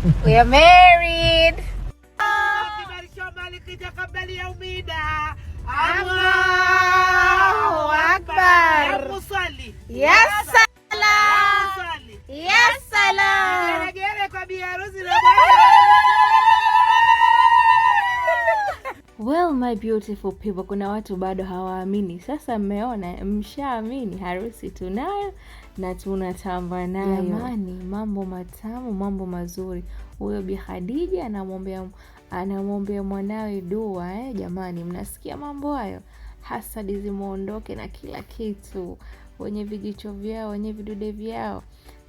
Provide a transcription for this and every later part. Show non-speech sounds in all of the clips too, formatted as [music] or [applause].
[laughs] we are married. Ah, my beautiful people, kuna watu bado hawaamini. Sasa mmeona, mshaamini, harusi tunayo na tunatamba nayo jamani, mambo matamu, mambo mazuri. Huyo Bi Khadija anamwombea anamwombea mwanawe dua eh, jamani, mnasikia mambo hayo, hasadi zimwondoke na kila kitu, wenye vijicho vyao, wenye vidude vyao.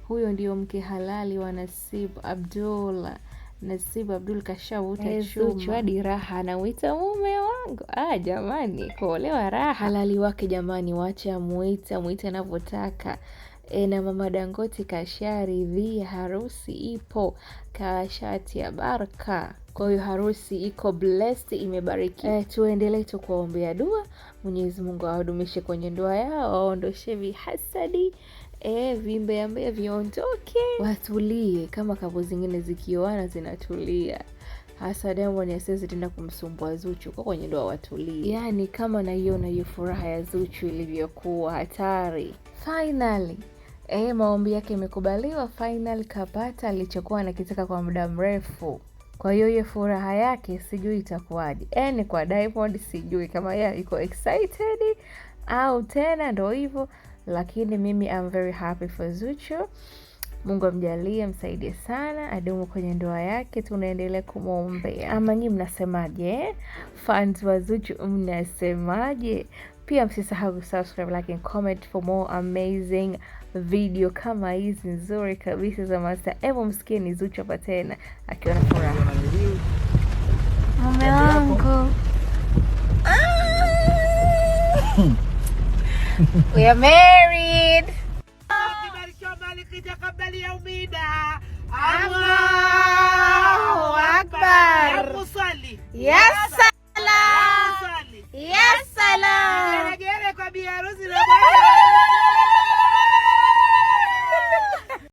Huyo ndio mke halali wa Nasibu Abdullah. Nasibu Abdul kashavuta chuma hadi raha, anamwita mume wangu. Ah, jamani kuolewa raha, halali wake jamani, wacha mwita mwita anavyotaka. E, na mama Dangote kasharidhia, harusi ipo, kashatia baraka. Kwa hiyo harusi iko blessed, imebarikiwa. E, eh, tuendelee tu kuwaombea dua, Mwenyezi Mungu awadumishe kwenye ndoa yao, awaondoshe vihasadi Eh, vimbe vimbeambea viondoke, watulie kama kavu zingine zikioana zinatulia hasa Diamond asiwezi tena kumsumbua Zuchu kwa kwenye ndoa watulie. Yaani kama naiona hiyo furaha ya Zuchu ilivyokuwa hatari. Finally eh, maombi yake imekubaliwa. Finally kapata alichokuwa anakitaka kwa muda mrefu. Kwa hiyo hiyo furaha yake sijui itakuwaje. ni kwa Diamond sijui kama yeye iko excited au tena ndo hivyo lakini mimi am very happy for Zuchu. Mungu amjalie, msaidie sana, adumu kwenye ndoa yake, tunaendelea kumwombea. Ama nyi mnasemaje? Fans wa Zuchu mnasemaje? Pia msisahau kusubscribe, like and comment for more amazing video kama hizi nzuri kabisa za Master Evo. Msikie ni Zuchu hapa tena akiwa na furaha [laughs] We are married. Allahu Akbar. Yes, salam. Yes, salam. Kwa biharusi na